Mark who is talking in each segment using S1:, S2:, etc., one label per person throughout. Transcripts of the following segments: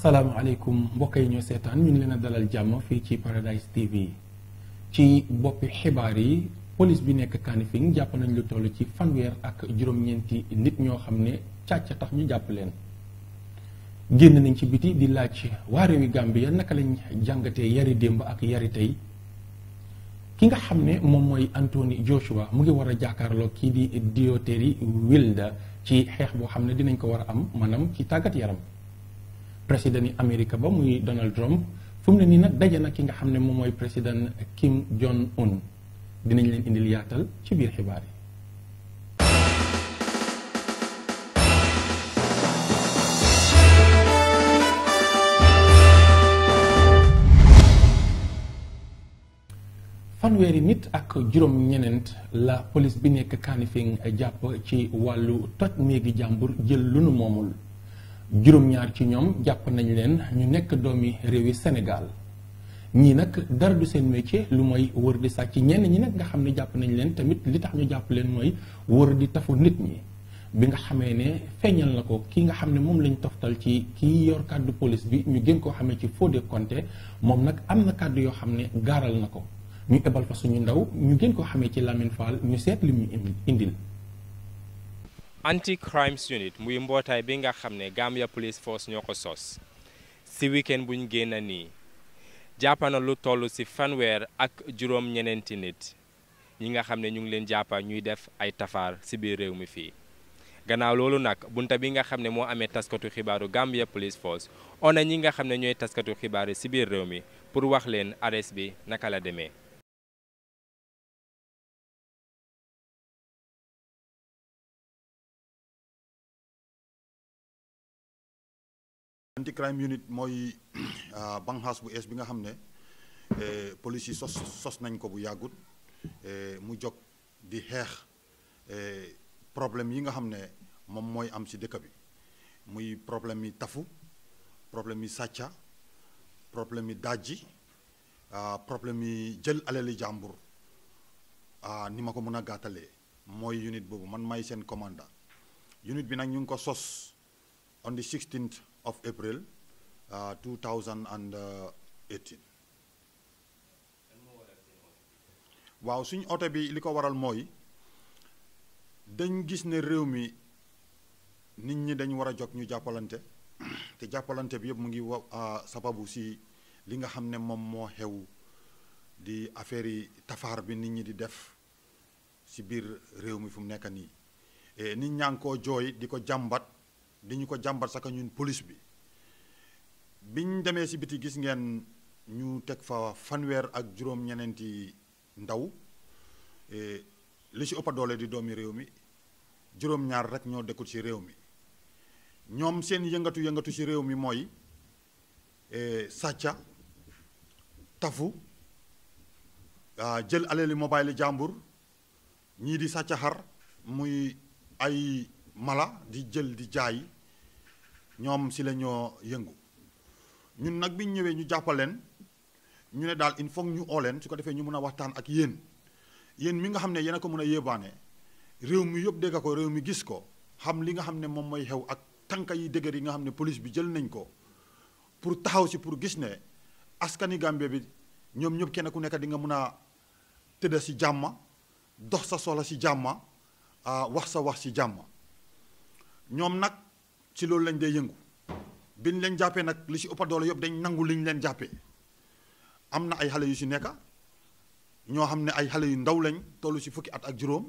S1: asalaamaaleykum mbokk yi ñoo seetaan ñu ngi leen a dalal jàmm fii ci Paradise TV ci boppi xibaar yi police bi nekk Kanifing jàpp nañ lu toll ci fanweer ak juróom-ñeenti nit ñoo xam ne càcc tax ñu jàpp leen. génn nañ ci biti di laaj waa réewi Gambia naka lañ jàngatee yari démb ak yari tey ki nga xam ne moom mooy Anthony Joshua mu ngi war a jàkkaarloo kii di Dioteri Wilder ci xeex boo xam ne dinañ ko war a am maanaam ci tàggat yaram. président yi Amérique ba muy Donald Trump fu mu nii nag daje na ki nga xam ne moom mooy président Kim Jong Un leen indil yaatal ci biir xibaar yi. fanweeri nit ak juróom-ñeneent la polis bi nekk Kanifing jàpp ci wàllu toj néegi jàmbur jël lu moomul. juróom-ñaar ci ñoom jàpp nañ leen ñu nekk doomi yi senegal ñii nag dara du seen métier lu mooy wër di sàcc ñenn ñi nag nga xam ne jàpp nañ leen tamit li tax ñu jàpp leen mooy wër di tafu nit ñi bi nga xamee ne feeñal na ko kii nga xam ne moom lañ toftal ci kii yor kàddu police bi ñu gën koo xamee ci Fodé Conté moom nag am na kàddu yoo xam ne gaaral na ko ñu ebal fa suñu ndaw ñu gën koo xamee ci Lamine Fall ñu seet li mu indil
S2: anti crimes unit muy mbootaay bi nga xam ne Gambia police force ñoo ko sos si weekend buñ génn nii jàppana lu toll si fanweer ak juróom-ñeneenti nit ñi nga xam ne ñu ngi leen jàppa ñuy def ay tafaar si biir réew mi fii gannaaw loolu nag bunte bi nga xam ne moo amee taskatu xibaaru Gambia police force ona ñi nga xam ne ñooy taskatu xibaar si biir réew mi pour wax leen arrest bi naka
S1: la demee
S3: anti crime unit mooy ah, banqaas bu ees bi nga xam ne eh, police yi sos sos nañ ko bu yàggut eh, mu jóg di xeex eh, problème yi nga xam ne moom mooy am si dëkk bi muy problème yi tafu problème yi sàcca problème yi dajji ah, problème yi jël alali jàmbur ah, ni ma ko mën a gàttalee mooy unit boobu man may seen commandant unit bi nag ñu ngi ko sos on the 16 of April uh, 2018. waaw suñu oto bi li ko waral mooy dañ gis ne réew mi nit ñi dañ war a jóg ñu jàppalante te jàppalante bi yëpp mu ngi wa uh, sababu si li nga xam ne moom moo xew di affaire yi tafaar bi nit ñi di def si biir réew mi fu mu nekk nii eh, nit ñaa ngi koo jooy di ko jàmbat. di ñu ko jàmbar saka ñun police bi biñ demee si biti gis ngeen ñu teg fa fanweer ak juróom ñeneenti ndaw e, li si ëpp doole di doomi réew mi juróom-ñaar rek ñoo dëkkut ci réew mi ñoom seen yëngatu yëngatu ci réew mi mooy e, sàcca tafu jël alali mobile jàmbur ñii di sàcca muy ay mala di jël di jaay ñoom si la ñoo yëngu ñun nag bi ñu ñëwee ñu jàppal leen ñu ne daal il faut ñu oo leen su ko defee ñu mën a waxtaan ak yéen yéen mi nga xam ne yéen a ko mën a yéebaane réew mi yëpp dégg ko réew mi gis ko xam li nga xam ne moom mooy xew ak tànka yi dëgër yi nga xam ne police bi jël nañ ko pour taxaw si pour gis ne askani Gambie bi ñoom ñëpp kenn ku nekk dinga mën a tëdd si jàmma dox sa soxla si jàmma ah, wax sa wax si jàmma ñoom nag ci loolu lañ day yëngu biñ leen jàppee nag li si ëpp doole yëpp dañ nangu liñ leen jàppee am na ay xale yu ci nekk ñoo xam ne ay xale yu ndaw lañ toll si fukki at ak juróom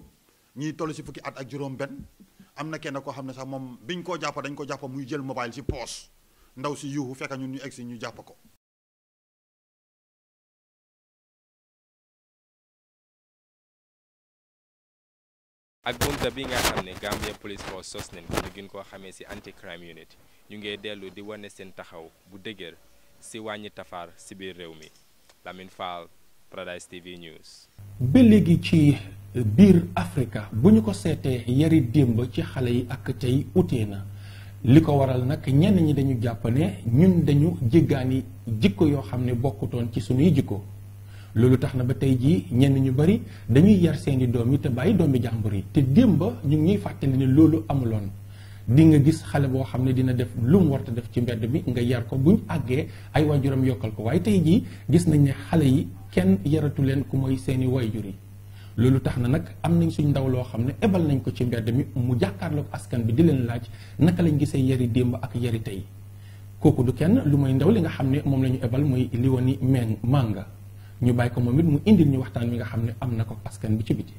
S3: ñii tollu si fukki at ak juróom benn am na kenn koo xam ne sax moom biñ koo jàpp dañ ko jàpp muy jël mobile ci poos ndaw si yuuxu fekk ñun ñu egg si ñu jàpp ko
S2: ak bunta bi nga xam ne Gambia Police Force sos nañ ko ñu gën koo xamee ci anti crime unit ñu ngi dellu di wane seen taxaw bu dëgër ci wàññi tafaar ci biir réew mi Lamine Fall Paradise TV News
S1: ba léegi ci biir Afrika bu ñu ko seetee yari démb ci xale yi ak tey utee na li ko waral nag ñenn ñi dañu jàpp ñun dañu jéggaani jikko yoo xam ne bokkutoon ci sunuy jikko loolu tax na ba tey jii ñenn ñu bari dañuy yar seeni doom yi te bàyyi doom bi jàmbur yi te démb ñu ngi ñuy fàttali ne loolu amuloon di nga gis xale boo xam ne dina def lu mu warta def ci mbedd mi nga yar ko buñ àggee ay waajuram yokkal ko waaye tey jii gis nañ ne xale yi kenn yaratu leen ku mooy seeni waajur yi loolu tax na nag am nañ suñ ndaw loo xam ne ebal nañ ko ci mbedd mi mu jàkkaarloog askan bi di leen laaj naka lañ gisee yari démb ak yari tey kooku du kenn lu muy ndaw li nga xam ne moom la ñu ebal muy li woon ni meng mànga ñu bàyyi ko moom it mu indil ñu waxtaan wi nga xam ne am na ko askan bi ci biti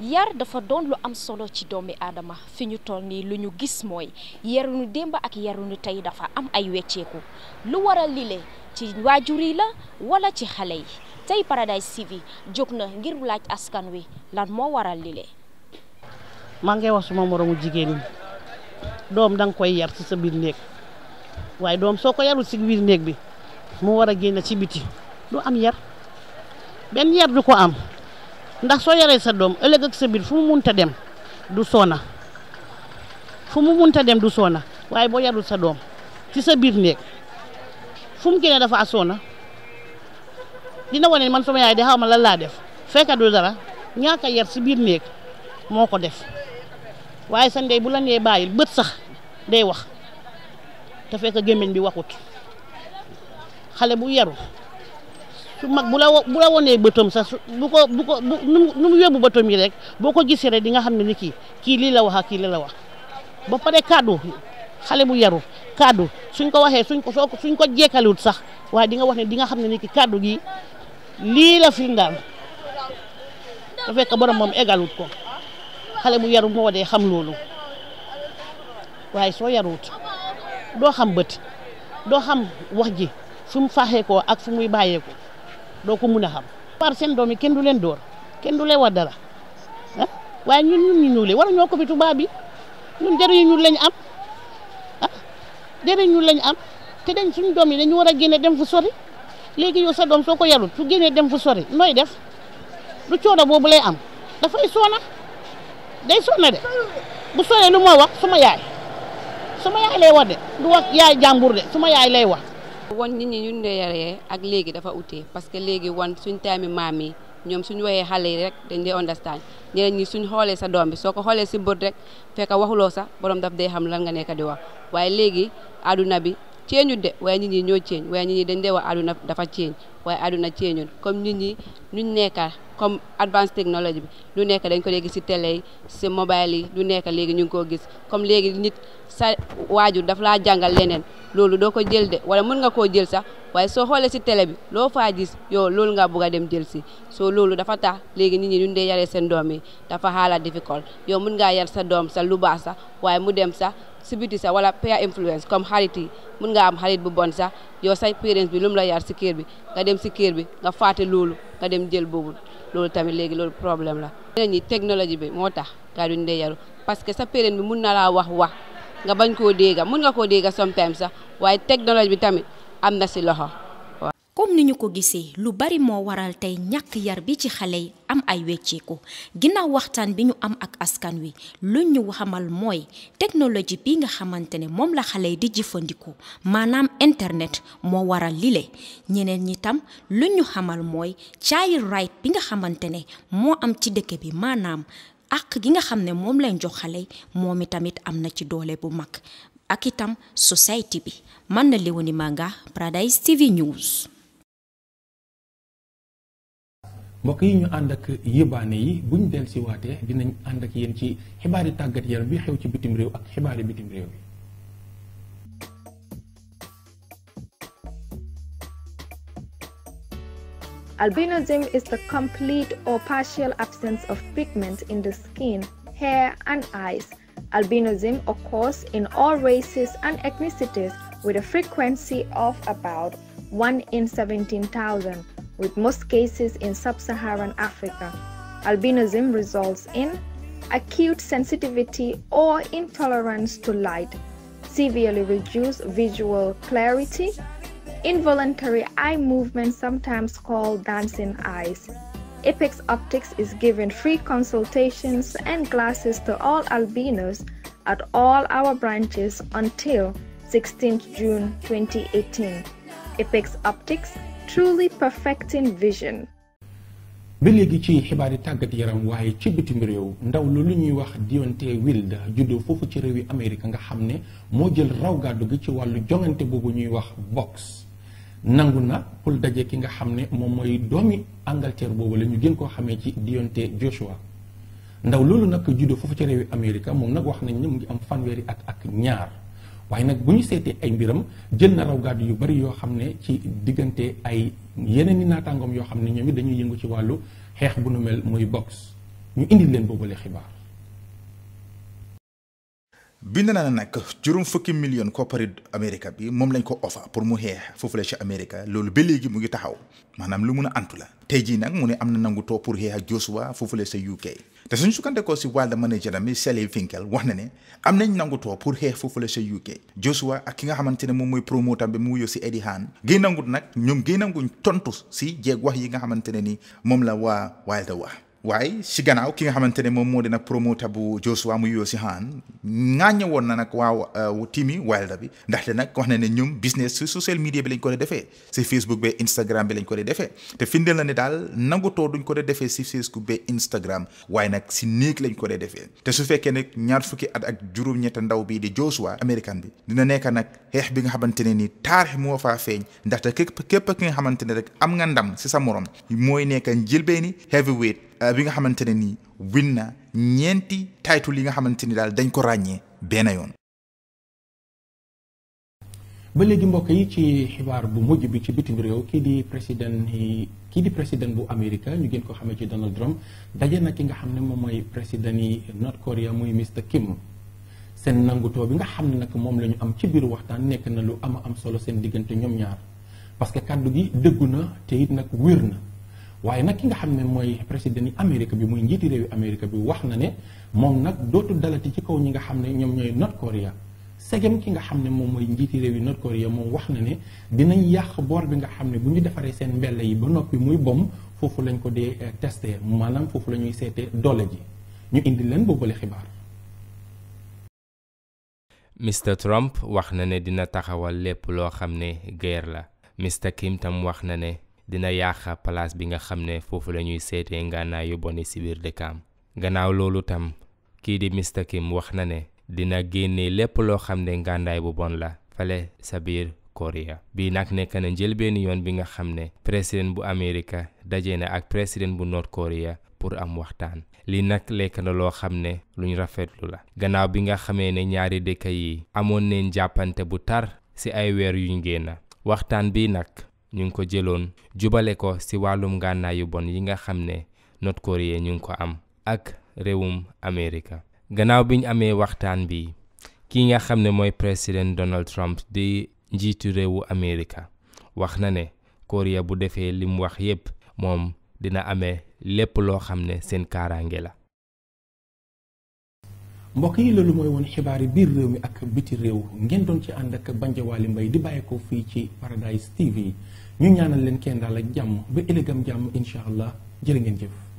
S4: yar dafa doon lu am solo ci doomi aadama fi ñu toll nii lu ñu gis mooy yaruñu démb ak yaruñu tey dafa am ay wecceeku lu waral lile ci waajur yi la walla ci xale yi tey Paradise TV jóg na ngir laaj askan wi lan moo waral lile.
S5: maa ngi wax suma moromu jigéen ñi doom danga koy yar ci sa biir néeg waaye doom soo ko yarul ci biir néeg bi mu war a génn ci biti. du am yar benn yar du ko am ndax soo yaree sa doom ëllëg ak sa biir fu mu munta dem du soona fu mu munta dem du soona waaye boo yarul sa doom ci sa biir néeg fu mu génnee dafa asoona dina wane man sama yaay de xaw ma lan laa def fekk du dara ñaaka yar si biir néeg moo ko def waaye sa ndey bu la nee bàyyil bët sax day wax te fekk gémmiñ bi waxut xale bu yaru su mag bu la bu la wonee bëtam sax bu ko bu ko bu nu mu yóbbu yi rek boo ko gisee rek di nga xam ne ni kii kii lii la wax ak kii la la wax ba pare kàddu xale bu yaru kàddu suñ ko waxee suñ ko soo suñ ko jekkaliwut sax waaye di nga wax ne di nga xam ne ni ki kàddu gi lii la fi ndaan su fekk borom moom egalut ko xale bu yaru moo dee xam loolu waaye soo yaruwut doo xam bët doo xam wax ji fu mu faaxee ko ak fu muy bàyyee ko doo ko mun a xam par seen doom yi kenn du leen dóor kenn du leen wax dara ah waaye ñun ñun ñu ñuulee wala ñoo ko fi tubaab bi ñun jëriñu ñuul lañ am ah jëriñu ñuul lañ am te dañ suñu doom yi dañu war a génne dem fu sori léegi yow sa doom soo ko yarul su génnee dem fu sori nooy def du coono boobu lay am dafay soona day soona de bu soonee lu ma wax suma yaay suma yaay lay wax de du wax yaay jàmbur de suma yaay lay wax.
S4: wan nit ñi ñu ñu yaree ak léegi dafa utee parce que léegi won suñ taami maam yi ñoom suñ woyee xale yi rek dañ dee understand ñeneen ñi suñ xoolee sa doom bi soo ko xoolee si bët rek fekk waxuloo sax borom daf dee xam lan nga nekk di wax waaye léegi àdduna bi ceeñut de waaye nit ñi ñoo ceeñ waaye nit ñi dañ dee wax aduna dafa ceeñ waaye aduna ceeñut comme nit ñi ñu nekka comme advance technology bi lu nekk dañ ko dee si télé yi si mobile yi lu nekk léegi ñu ngi koo gis comme léegi nit sa waajur daf laa jàngal leneen loolu doo ko jël de wala mën nga koo jël sax waaye soo xoolee si tele bi loo faa gis yow loolu ngaa bugg a dem jël si soo loolu dafa tax léegi nit ñi ñu dee yaree seen doom yi dafa xaala difficult yow mën ngaa yar sa doom sa lu baax sax waaye mu dem sax si biti sa wala peer influence comme xarit yi mun nga am xarit bu bon sax yow say parents bi lu la yar si kër bi nga dem si kër bi nga fàtte loolu nga dem jël boobu loolu tamit léegi loolu problème la. ñeneen ñi technologie bi moo tax gaa duñ parce que sa parent bi mun na laa wax wax nga bañ koo dégga mun nga koo dégga sometimes sax waaye technologie bi tamit am na si loxo. comme ni ñu ko gisee lu bari moo waral tey ñàkk yar bi ci xale yi am ay wecceeku ginnaaw waxtaan bi ñu am ak askan wi lu ñu xamal mooy technologie bi nga xamante ne moom la xale yi di jëfandikoo maanaam internet moo waral lile ñeneen ñi tam lu ñu xamal mooy child right bi nga xamante ne moo am ci dëkk bi maanaam ak gi nga xam ne moom lañ jox xale moom itamit am na ci doole bu mag ak itam society bi man na Léonie Manga Paradise TV News
S1: mbokk yi ñu ànd ak yëbaane yi buñ del si waatee dinañ ànd ak yéen ci xibaari tàggat yaram bi xew ci bitim réew ak xibaari bitim réew bi
S4: Albinism is the complete or partial absence of pigment in the skin, hair, and eyes. Albinism occurs in all races and ethnicities with a frequency of about in with most cases in sub-Saharan Africa. Albinism results in acute sensitivity or intolerance to light, severely reduced visual clarity, involuntary eye movement sometimes called dancing eyes. Apex Optics is giving free consultations and glasses to all albinos at all our branches until June 2018. Optics truly perfecting vision.
S1: ba léegi ci xibaar yi tàggat yaram waaye ci bitim réew ndaw loolu lu ñuy wax Deontay Wilder juddoo foofu ci réew yi Amérique nga xam ne moo jël raw gàddu gi ci wàllu jongante boobu ñuy wax box nangu na pour daje ki nga xam ne moom mooy doomi Angleterre boobu la ñu gën koo xamee ci Deontay Joshua ndaw loolu nag juddoo foofu ci réew yi moom nag wax nañ ni mu ngi am fanweeri ak ak ñaar. waaye nag bu ñu seetee ay mbiram jël na raw gàddu yu bari yoo xam ne ci diggante ay yeneen i naataangoom yoo xam ne ñoom it dañuy yëngu ci wàllu xeex bu nu mel muy box ñu indi leen boobule xibaar.
S6: bind na nag juróom fukki million koppari Amérique bi moom lañ ko offer pour mu xeex foofu la ci Amérique loolu ba léegi mu ngi taxaw maanaam lu mun a antu la tey jii nag mu ne am na nangu too pour xeex ak Joshua foofu la sa UK te suñ sukkandekoo si wàll manager mi Sally Finkel wax na ne am nañ nangu pour xeex foofu la sa UK Joshua ak ki nga xamante ne moom mooy promoteur bi mu wuyoo si Eddie Hearn gën nag ñoom gën tontu si jeeg wax yi nga xamante ne ni moom la waa Wilder wax waaye si gannaaw ki nga xamante ne moom moo dina promoter bu Joshua mu yoo si xaan ŋaaññe woon na nag waa team yi Wilder bi ndaxte nag wax na ne ñoom business si social media bi lañ ko dee defee si Facebook be Instagram bi lañ ko de defee te firndeel na ne daal nangutoo duñ ko de defee si Facebook be waaye nag si néeg lañ ko defee te su fekkee nag ñaar fukki at ak juróom-ñetta ndaw bi di Joshua américain bi dina nekk nag xeex bi nga xamante ne ni taarix moo faa feeñ ndaxte képp képp ki nga xamante ne rek am nga ndam si sa morom mooy nekk njëlbeeni heavyweight Euh, bi nga xamante ne nii win na ñeenti title yi nga xamante ni daal dañ ko ràññee benn yoon.
S1: ba léegi mbokk yi ci xibaar bu mujj bi ci bitim réew kii di président kii di président bu Amérique ñu gën ko xamee ci Donald Trump daje na ki nga xam ne moom mooy président yi North Korea muy Mr Kim. seen nangutoo bi nga xam ne nag moom lañu am ci biir waxtaan nekk na lu ama am solo seen diggante ñoom ñaar parce que kàddu gi dëggu na te it nag wér na. waaye nag ki nga xam ne mooy président yi Amérique bi muy njiiti réewi Amérique bi wax na ne moom nag dootu dalati ci kaw ñi nga xam ne ñoom ñooy North Korea segem ki nga xam ne moom mooy njiiti yi North Korea moom wax na ne dinañ yàq boor bi nga xam ne bu ñu defaree seen mbelle yi ba noppi muy bom foofu lañ ko dee eh, testé maanaam foofu la ñuy seetee doole ji ñu indi leen boobale xibaar.
S2: Mr Trump wax na ne dina taxawal lépp loo xam ne guerre la Mr Kim wax na ne. dina yàqa palaas bi nga xam ne foofu la ñuy seetee ngànnaay yu bone si biir dëkkaam gannaaw loolu tam kii di Mr Kim wax na ne dina génne lépp loo xam ne ngànnaay bu bon la fale sa biir Korea bii nag nekk na njëlbeen yoon bi nga xam ne président bu Amerika daje na ak président bu North Korea pour am waxtaan li nag lekk na loo xam ne lu luñ rafetlu la gannaaw bi nga xamee ne ñaari dëkk yi amoon neen jàppante bu tar ci ay weer yu yuñ génn waxtaan bi nag ñu ngi ko jëloon jubale ko ci wàllum ngànnaay yu bon yi nga xam ne North Korea ñu ngi ko am ak réewum Amerika gannaaw bi ñu amee waxtaan bi ki nga xam ne mooy président Donald Trump di njiitu réewu Amerika wax na ne Korea bu defee li mu wax yépp moom dina amee lépp loo xam ne seen kaaraange la
S1: mbokk yi loolu mooy woon xibaar yi biir réew mi ak biti réew ngeen doon ci ànd ak Bandia Wally Mbaye di bàyyeekoo fii ci Paradise TV ñu ñaanal leen kenn daal ak jàmm ba ëllëgam jàmm incha allah jërë ngeen jëf.